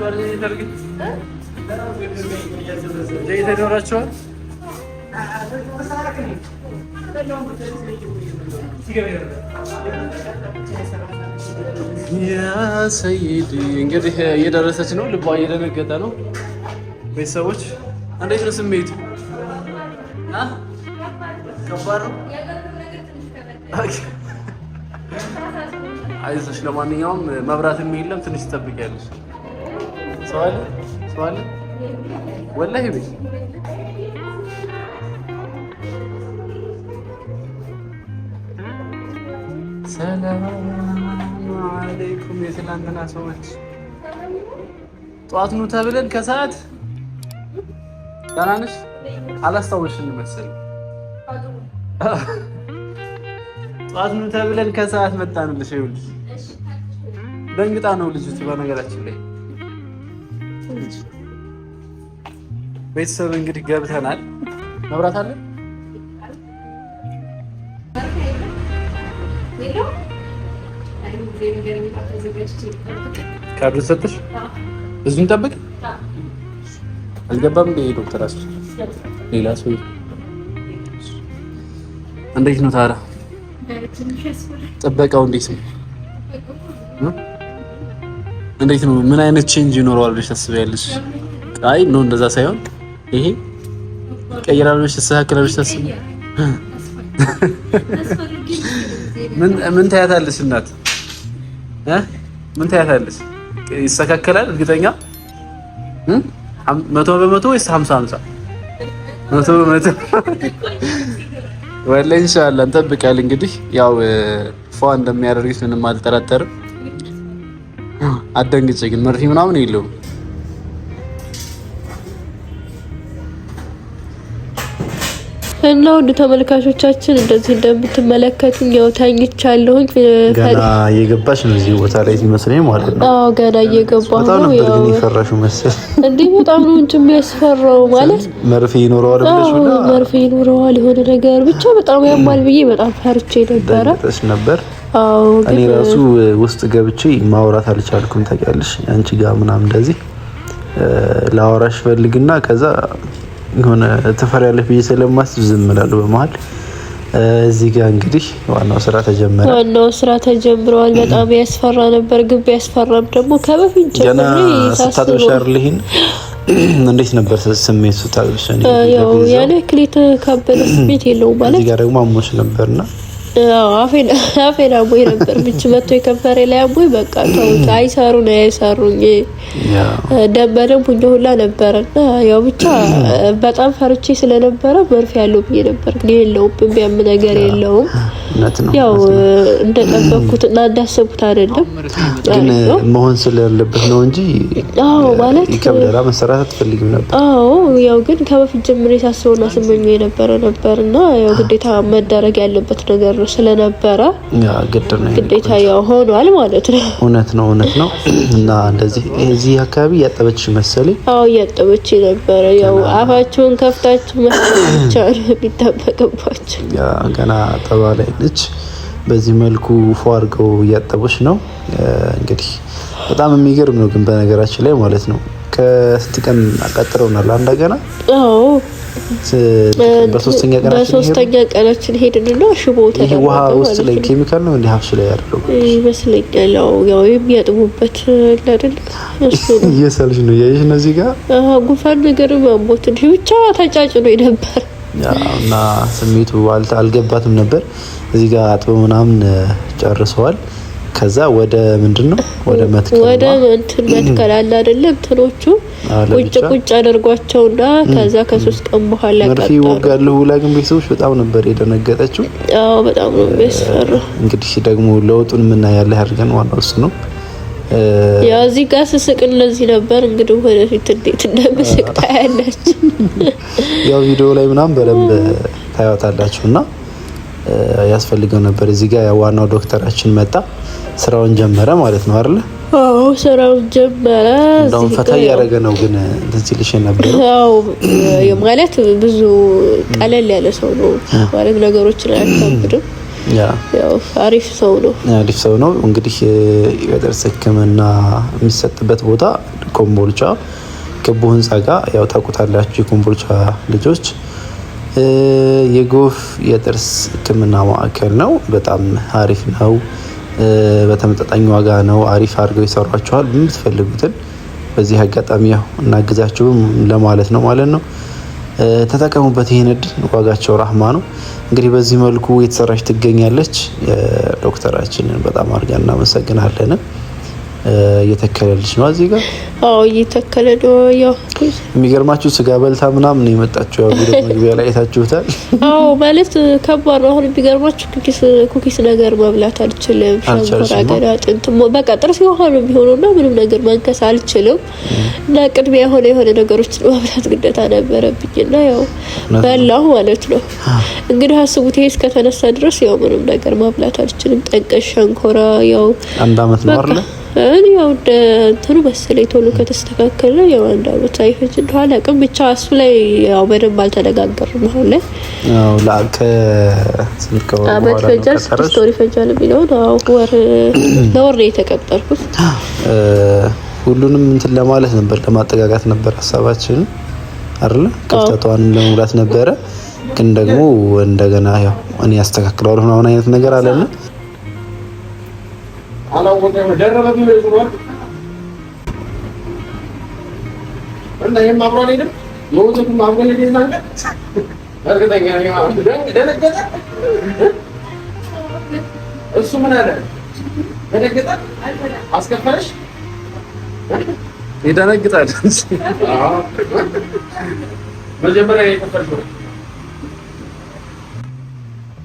ተኖራችኋል? ድርጊት ተኖራችኋል? ያ ሰይድ እንግዲህ እየደረሰች ነው። ልቧ እየደነገጠ ነው። ቤተሰቦች እንዴት ነው ስሜቱ? ከባድ ነው። አይዞሽ፣ ለማንኛውም መብራትም የለም። ትንሽ ትጠብቂያለሽ። ሰው አለ ሰው አለ ወላሂ ቤት ሰላም አለይኩም የትላንትና ሰዎች ጠዋት ኑ ተብለን ከሰዓት ደህና ነሽ አላስታወስሽም መሰለኝ ጠዋት ኑ ተብለን ከሰዓት መጣንልሽ ይኸውልሽ ደንግጣ ነው ልጅቱ በነገራችን ላይ ቤተሰብ እንግዲህ ገብተናል። መብራት አለ ካርዱ ሰጥሽ ብዙ እንጠብቅ። አልገባም እንደ ዶክተር አስ ሌላ ሰው እንዴት ነው ታዲያ? ጥበቃው እንዴት ነው? እንዴት ነው? ምን አይነት ቼንጅ ይኖረዋል ብለሽ ታስቢያለሽ? አይ ነው እንደዛ ሳይሆን ይሄ ይቀይራል ብለሽ ተስተካከለ ምን ምን ታያታለሽ? እናት እ ምን ታያታለሽ? ይስተካከላል? እርግጠኛ መቶ በመቶ ወይስ 50 50 መቶ በመቶ ወላሂ ኢንሻአላህ እንጠብቃለን። እንግዲህ ያው ፏ እንደሚያደርግሽ ምንም አልጠራጠርም። አደንግጭ ግን መርፌ ምናምን የለውም እና ውድ ተመልካቾቻችን እንደዚህ እንደምትመለከቱኝ ያው ተኝቻለሁኝ። ገና እየገባች ነው እዚህ ቦታ ላይ ይመስለኝ ማለት ነው። አዎ ገና እየገባሁ ነው። ያው እንዴ በጣም ነው እንጂ የሚያስፈራው ማለት መርፌ ይኖረዋል ብለሽ ነው። መርፌ ይኖረዋል የሆነ ነገር ብቻ በጣም ያማል ብዬ በጣም ፈርቼ ነበረ ነበር። አዎ እኔ ራሱ ውስጥ ገብቼ ማውራት አልቻልኩም። ታውቂያለሽ አንቺ ጋር ምናምን እንደዚህ ላወራሽ ፈልግና ከዛ የሆነ ትፈሪያለሽ ብዬ ስለማስብ ዝም እላለሁ በመሀል እዚህ ጋር እንግዲህ ዋናው ስራ ተጀመረ። ዋናው ስራ ተጀምረዋል። በጣም ያስፈራ ነበር፣ ግቢ ያስፈራም ደግሞ ከበፊት ጀምሮ ስታጥብሽ እንዴት ነበር ስሜት ስታጥብሽ? ያኔ ክሊት ካበደ ስሜት የለውም ማለት እዚህ ጋር ደግሞ አሞሽ ነበርና አፌን አሞኝ ነበር። ምች መቶ የከንፈሬ ላይ አሞኝ በቃ ተውት። አይሰሩ ነው ያይሰሩኝ። ደመደም ቡኛ ሁላ ነበረ እና ያው ብቻ በጣም ፈርቼ ስለነበረ መርፌ ያለው ብዬ ነበር፣ ግን የለውም፣ የሚያም ነገር የለውም። ያው እንደጠበኩት እና እንዳሰብኩት አይደለም፣ ግን መሆን ስለያለበት ነው እንጂ አዎ፣ ማለት ከብደራ መሰራት አትፈልግም ነበር። አዎ፣ ያው ግን ከበፊት ጀምሬ ሳስበውና ስመኘው የነበረ ነበር እና ያው ግዴታ መደረግ ያለበት ነገር እየሰሩ ስለነበረ ግዴታ ያው ሆኗል ማለት ነው። እውነት ነው፣ እውነት ነው። እና እንደዚህ እዚህ አካባቢ እያጠበች መሰለኝ። አዎ እያጠበች ነበረ። ያው አፋችሁን ከፍታችሁ መስራት የሚጠበቅባቸው። ገና ጠባ ላይ ነች። በዚህ መልኩ ፎ አድርገው እያጠበች ነው። እንግዲህ በጣም የሚገርም ነው ግን በነገራችን ላይ ማለት ነው ከስት ቀን ቀጥረውናል። እንደገና በሶስተኛ ቀናችን ሄድንና ሽቦ ውሃ ውስጥ ላይ ኬሚካል ነው እንዲህ ሀብሱ ላይ ያለው ይመስለኛል። ያው የሚያጥቡበት አይደል? እየሰልሽ ነው እያየሽ እነዚህ ጋር ጉንፋን ነገር ማሞት እንዲህ ብቻ ተጫጭ ነው ነበር እና ስሜቱ አልገባትም ነበር። እዚህ ጋር አጥበው ምናምን ጨርሰዋል። ከዛ ወደ ምንድን ነው ወደ መትከል ወደ እንትን መትከል አለ አይደለ? እንትኖቹ ቁጭ ቁጭ አድርጓቸውና ከዛ ከሶስት ቀን በኋላ ቀጣ መርፌ ይወጋሉ። ሁላ ግን ቤተሰቦች በጣም ነበር የደነገጠችው። አዎ በጣም ነው የሚያስፈራው። እንግዲህ ደግሞ ለውጡን የምናያለን አድርገን ዋናው እሱ ነው። ያው እዚህ ጋር ስስቅ እንደዚህ ነበር። እንግዲህ ወደፊት እንዴት እንደምስቅ ታያላችሁ። ያው ቪዲዮ ላይ ምናምን በደንብ ታያታላችሁና ያስፈልገው ነበር። እዚህ ጋር ዋናው ዶክተራችን መጣ፣ ስራውን ጀመረ ማለት ነው አይደለ? አዎ ስራውን ጀመረ። እንደውም ፈታ እያደረገ ነው። ግን ልሽ ነበር ማለት ብዙ ቀለል ያለ ሰው ነው ማለት ነገሮችን አያካብድም። አሪፍ ሰው ነው። አሪፍ ሰው ነው። እንግዲህ የጥርስ ሕክምና የሚሰጥበት ቦታ ኮምቦልቻ ክቡ ህንፃ ጋር ያው ታውቁታላችሁ የኮምቦልቻ ልጆች የጎፍ የጥርስ ህክምና ማዕከል ነው። በጣም አሪፍ ነው። በተመጣጣኝ ዋጋ ነው። አሪፍ አድርገው ይሰሯቸዋል የምትፈልጉትን በዚህ አጋጣሚ ያው እናግዛችሁም ለማለት ነው ማለት ነው። ተጠቀሙበት ይህን እድል። ዋጋቸው ራህማ ነው። እንግዲህ በዚህ መልኩ የተሰራች ትገኛለች። ዶክተራችንን በጣም አድርጋ እናመሰግናለንም። እየተከለልሽ ነው እዚህ ጋር? አዎ እየተከለ ነው። ያው የሚገርማችሁ ስጋ በልታ ምናምን ነው የመጣችሁ። ያው ቪዲዮ መግቢያ ላይ አይታችሁታል። አዎ ማለት ከባድ ነው። አሁን የሚገርማችሁ ኩኪስ ኩኪስ ነገር መብላት አልችልም። ሸንኮራ ገዳ አጥንት በቃ ጥርስ ውሃ ነው የሚሆነውና ምንም ነገር መንከስ አልችልም። እና ቅድሚያ የሆነ የሆነ ነገሮችን መብላት ግዴታ ነበረብኝና ያው በላሁ ማለት ነው። እንግዲህ አስቡት ይሄ እስከተነሳ ድረስ ያው ምንም ነገር መብላት አልችልም። ጠንቀሽ ሸንኮራ ያው አንድ አመት ነው አይደል እኔ ያው እንትኑ መሰለኝ ቶሎ ከተስተካከለ ያው አንድ አመት አይፈጅ እንደሆነ አቅም ብቻ እሱ ላይ ያው በደንብ አልተነጋገርም። አሁን ላይ አመት ፈጃል ስድስት ወር ይፈጃል የሚለውን ወር ለወር ነው የተቀጠርኩት። ሁሉንም እንትን ለማለት ነበር ለማጠጋጋት ነበር ሀሳባችን አይደለ? ክፍተቷን ለመሙላት ነበረ። ግን ደግሞ እንደገና ያው እኔ ያስተካክለዋል ሆነ አሁን አይነት ነገር አለና አላወቀም ደረበ ቢሆን ይኖር እና ይሄም አብሮ አልሄድም። የወተቱም አብሮ ሄደ እርግጠኛ ነኝ ደነገጠ። እሱ ምን አለ? ደነገጠ። አስከፈለሽ? ይደነግጣል። መጀመሪያ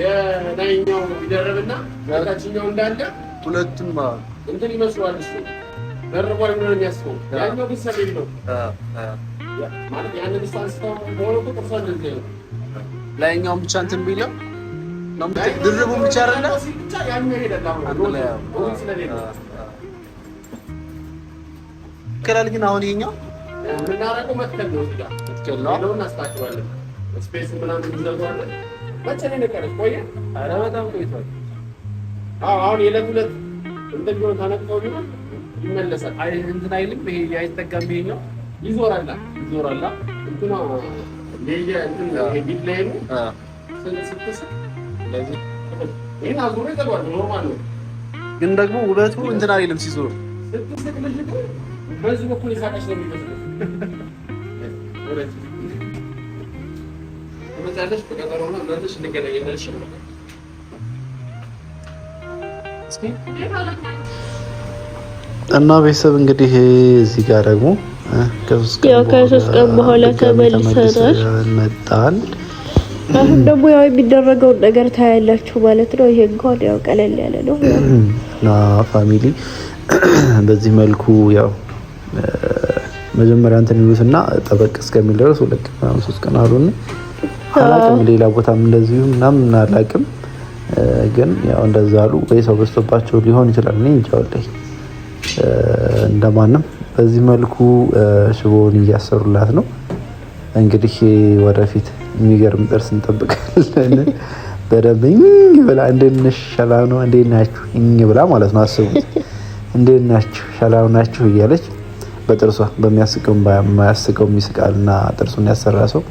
የላይኛው ይደረብና ታችኛው እንዳለ ሁለቱም እንትን ይመስለዋል እሱ ደርቧል ብሎ ነው የሚያስበው። ያኛው ግን ሰሌድ ነው ማለት ያንን ዲስታንስ በሆነ ቁጥር ሰው እንደዚህ ነው። ላይኛውን ብቻ እንትን ቢለው ድርቡን ብቻ አይደለ ብቻ ግን አሁን ይሄኛው የምናደርገው ነው። እዚህ ጋር ነው ስፔስ ምናምን እንዘጋዋለን። መቼ ነው የቀረች? ቆየ። ኧረ በጣም ቆይቷል። አሁን የዕለት ሁለት እንደሚሆን ታነቀው ቢሆን ይመለሳል። አይ እንትን አይልም። ይሄ አይጠጋም። ይሄኛው ይዞራላ ይዞራላ እንትና ለየ እንትን ቢት ላይ ነው ስለስተስ ስለዚህ ይሄን አዙሮ ይጠጓል። ኖርማል ነው፣ ግን ደግሞ ውበቱ እንትን አይልም ሲዞር ስትስቅልሽ በዚህ በኩል የሳቀች ነው የሚመስለው። ወደዚህ ተመጣለሽ ተቀጠሮና መልሽ እንገናኛለን። እሺ እና ቤተሰብ እንግዲህ እዚህ ጋር ደግሞ ከሶስት ቀን በኋላ ተመልሰናል መጣን። አሁን ደግሞ ያው የሚደረገውን ነገር ታያላችሁ ማለት ነው። ይሄ እንኳን ያው ቀለል ያለ ነው ፋሚሊ። በዚህ መልኩ ያው መጀመሪያ እንትን ይሉትና ጠበቅ እስከሚል ሁለት ቀን ሶስት ቀን አሉን። አላቅም ሌላ ቦታም እንደዚሁ ምናምን አላቅም ግን ያው እንደዛ አሉ ወይ ሰው በዝቶባቸው ሊሆን ይችላል። እኔ እንጃ ወላሂ። እንደማንም በዚህ መልኩ ሽቦን እያሰሩላት ነው። እንግዲህ ወደፊት የሚገርም ጥርስ እንጠብቃለን። በደንብ እኝ ብላ እንድንሸላ ነው እንዴት ናችሁ እኝ ብላ ማለት ነው። አስቡት እንዴት ናችሁ ሸላው ናችሁ እያለች በጥርሷ በሚያስቀው በማያስቀው ይስቃልና ጥርሱን ያሰራ ሰው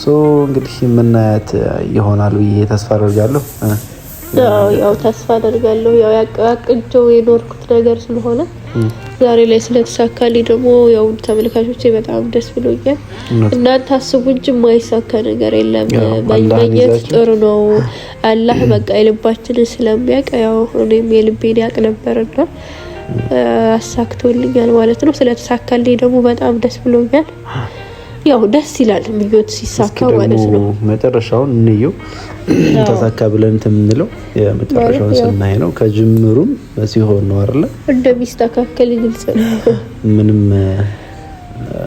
ሶ እንግዲህ የምናያት ይሆናል ብዬ ተስፋ አደርጋለሁ። ያው ተስፋ አደርጋለሁ ያው ያቀጀው የኖርኩት ነገር ስለሆነ ዛሬ ላይ ስለተሳካልኝ ደግሞ ያው ተመልካቾቼ በጣም ደስ ብሎኛል። እናንተ አስቡ እንጂ የማይሳካ ነገር የለም። መመኘት ጥሩ ነው። አላህ በቃ የልባችንን ስለሚያውቅ ያው እኔም የልቤን ያውቅ ነበርና አሳክቶልኛል ማለት ነው። ስለተሳካልኝ ደግሞ በጣም ደስ ብሎኛል። ያው ደስ ይላል ምኞት ሲሳካ ማለት ነው። መጨረሻውን እንየው ተሳካ ብለን የምንለው የመጨረሻውን ስናይ ነው። ከጅምሩም ሲሆን ነው አይደለ እንደሚስተካከል ግልጽ ነው። ምንም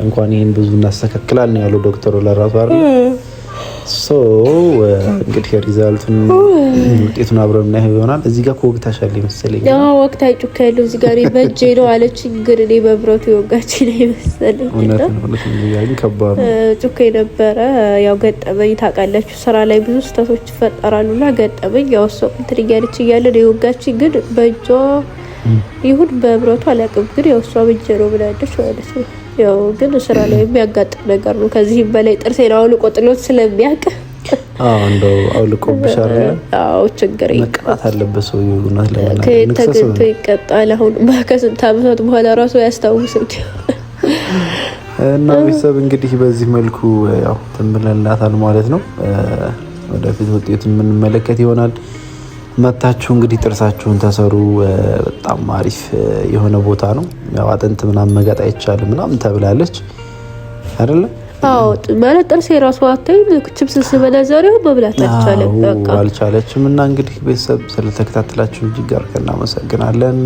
እንኳን ይህን ብዙ እናስተካክላል ነው ያለው ዶክተሩ ለራሱ አይደል ሶ እንግዲህ ሪዛልቱን ውጤቱን አብረን እና ይሆናል። እዚህ ጋር ከወግታሻል ይመስለኝ ወቅት አይጩካ ያለው እዚህ ጋር በእጄ ነው አለች። እንግዲህ እኔ በብረቱ የወጋች ነው ይመስለኝ ጩካ ነበረ። ያው ገጠመኝ ታውቃላችሁ፣ ስራ ላይ ብዙ ስህተቶች ይፈጠራሉና ገጠመኝ ያው እሷ እንትን እያለች እያለ የወጋች ግን በእጇ ይሁን በህብረቱ አላውቅም፣ ግን ያው እሷ ብጀሮ ብላለች ማለት ነው። ያው ግን ስራ ላይ የሚያጋጥም ነገር ነው። ከዚህም በላይ ጥርሴን አውልቆ ጥሎት ስለሚያውቅ እንደው አውልቆ ብሻራ ችግር መቀጣት አለበት ሰው ይሉናት ተገኝቶ ይቀጣል። አሁን ከስንት ዓመታት በኋላ ራሱ ያስታውስም እና ቤተሰብ እንግዲህ በዚህ መልኩ ያው ትንብለላታል ማለት ነው። ወደፊት ውጤቱን የምንመለከት ይሆናል። መታችሁ እንግዲህ ጥርሳችሁን ተሰሩ። በጣም አሪፍ የሆነ ቦታ ነው። ያው አጥንት ምናምን መጋጥ አይቻልም ምናምን ተብላለች አይደለም? ማለት ጥርስ የራሱ አታይ ችብስ ስበላ ዛሬው መብላት አልቻለም፣ አልቻለችም። እና እንግዲህ ቤተሰብ ስለተከታተላችሁ እጅግ አድርገን እናመሰግናለን።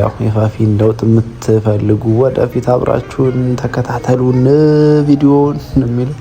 ያው የፋፊን ለውጥ የምትፈልጉ ወደፊት አብራችሁን ተከታተሉን ቪዲዮን የሚለው